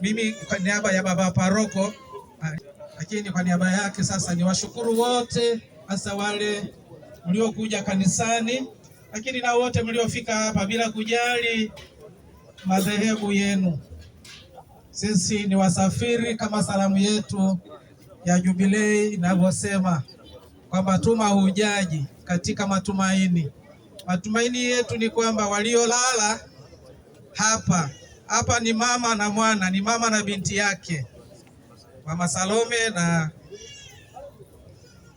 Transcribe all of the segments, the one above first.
Mimi kwa niaba ya baba paroko, ah, lakini kwa niaba yake sasa ni washukuru wote, hasa wale mliokuja kanisani, lakini na wote mliofika hapa bila kujali madhehebu yenu. Sisi ni wasafiri, kama salamu yetu ya Jubilei inavyosema kwamba tuma hujaji katika matumaini. Matumaini yetu ni kwamba waliolala hapa hapa ni mama na mwana, ni mama na binti yake, mama Salome na,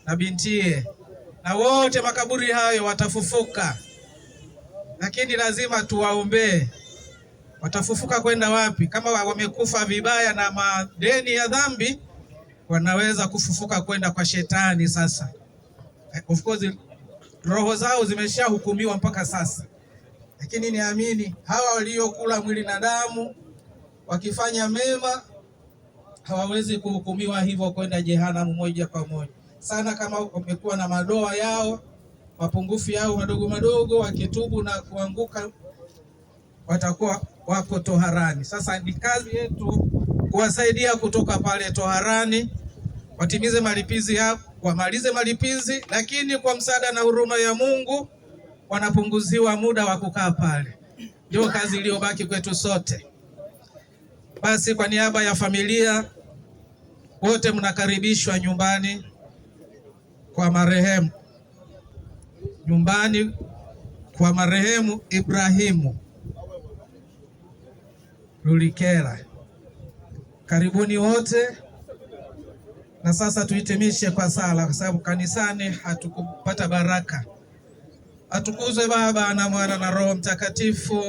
na bintie, na wote makaburi hayo watafufuka, lakini lazima tuwaombee. Watafufuka kwenda wapi? Kama wamekufa vibaya na madeni ya dhambi, wanaweza kufufuka kwenda kwa shetani. Sasa eh, of course roho zao zimeshahukumiwa mpaka sasa lakini niamini hawa waliokula mwili na damu wakifanya mema hawawezi kuhukumiwa hivyo kwenda jehanamu moja kwa moja, sana kama wamekuwa na madoa yao mapungufu yao madogo madogo, wakitubu na kuanguka watakuwa wako toharani. Sasa ni kazi yetu kuwasaidia kutoka pale toharani, watimize malipizi yao, wamalize malipizi, lakini kwa msaada na huruma ya Mungu wanapunguziwa muda wa kukaa pale. Ndio kazi iliyobaki kwetu sote. Basi kwa niaba ya familia wote mnakaribishwa nyumbani kwa marehemu, nyumbani kwa marehemu Ibrahimu Lulikela. Karibuni wote, na sasa tuhitimishe kwa sala, kwa sababu kanisani hatukupata baraka. Atukuzwe Baba na Mwana na Roho Mtakatifu.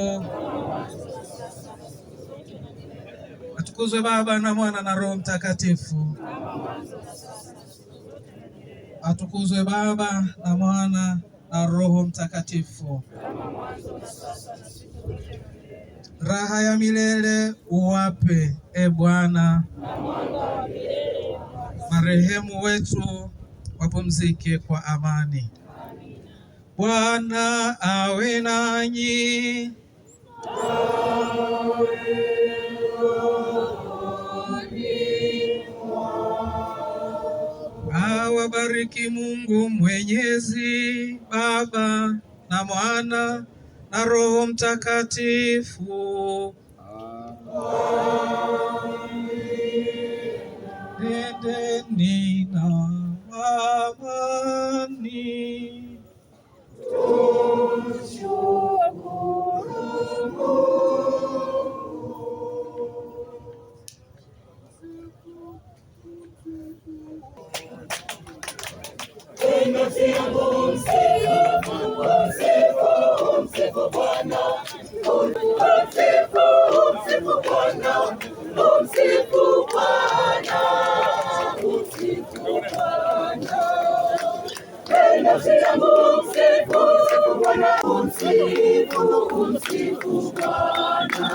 Atukuzwe Baba na Mwana na Roho Mtakatifu. Atukuzwe Baba na Mwana na Roho Mtakatifu. Raha ya milele uwape, e Bwana, marehemu wetu wapumzike kwa amani. Bwana awe nanyi. Awabariki Mungu Mwenyezi, Baba na Mwana na Roho Mtakatifu. Amen. Nendeni na Bwana, umsifu, umsifu Bwana.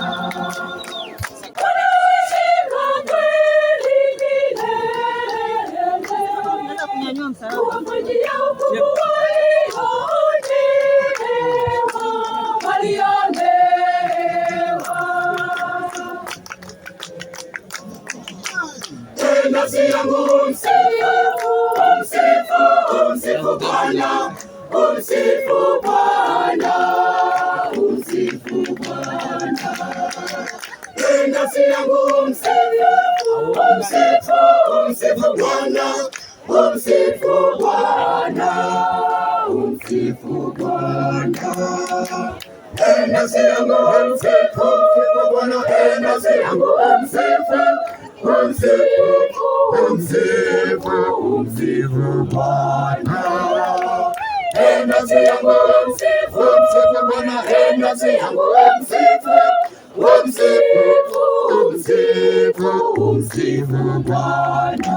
Bwana, kumsifu Bwana, kumsifu Bwana. Nafsi yangu msifu, umsifu, umsifu Bwana, umsifu Bwana, umsifu Bwana. Nafsi yangu msifu, msifu Bwana, nafsi yangu msifu, umsifu, umsifu, umsifu Bwana. Enzi yangu msifu, msifu Bwana, enzi yangu msifu, msifu, msifu, msifu Bwana.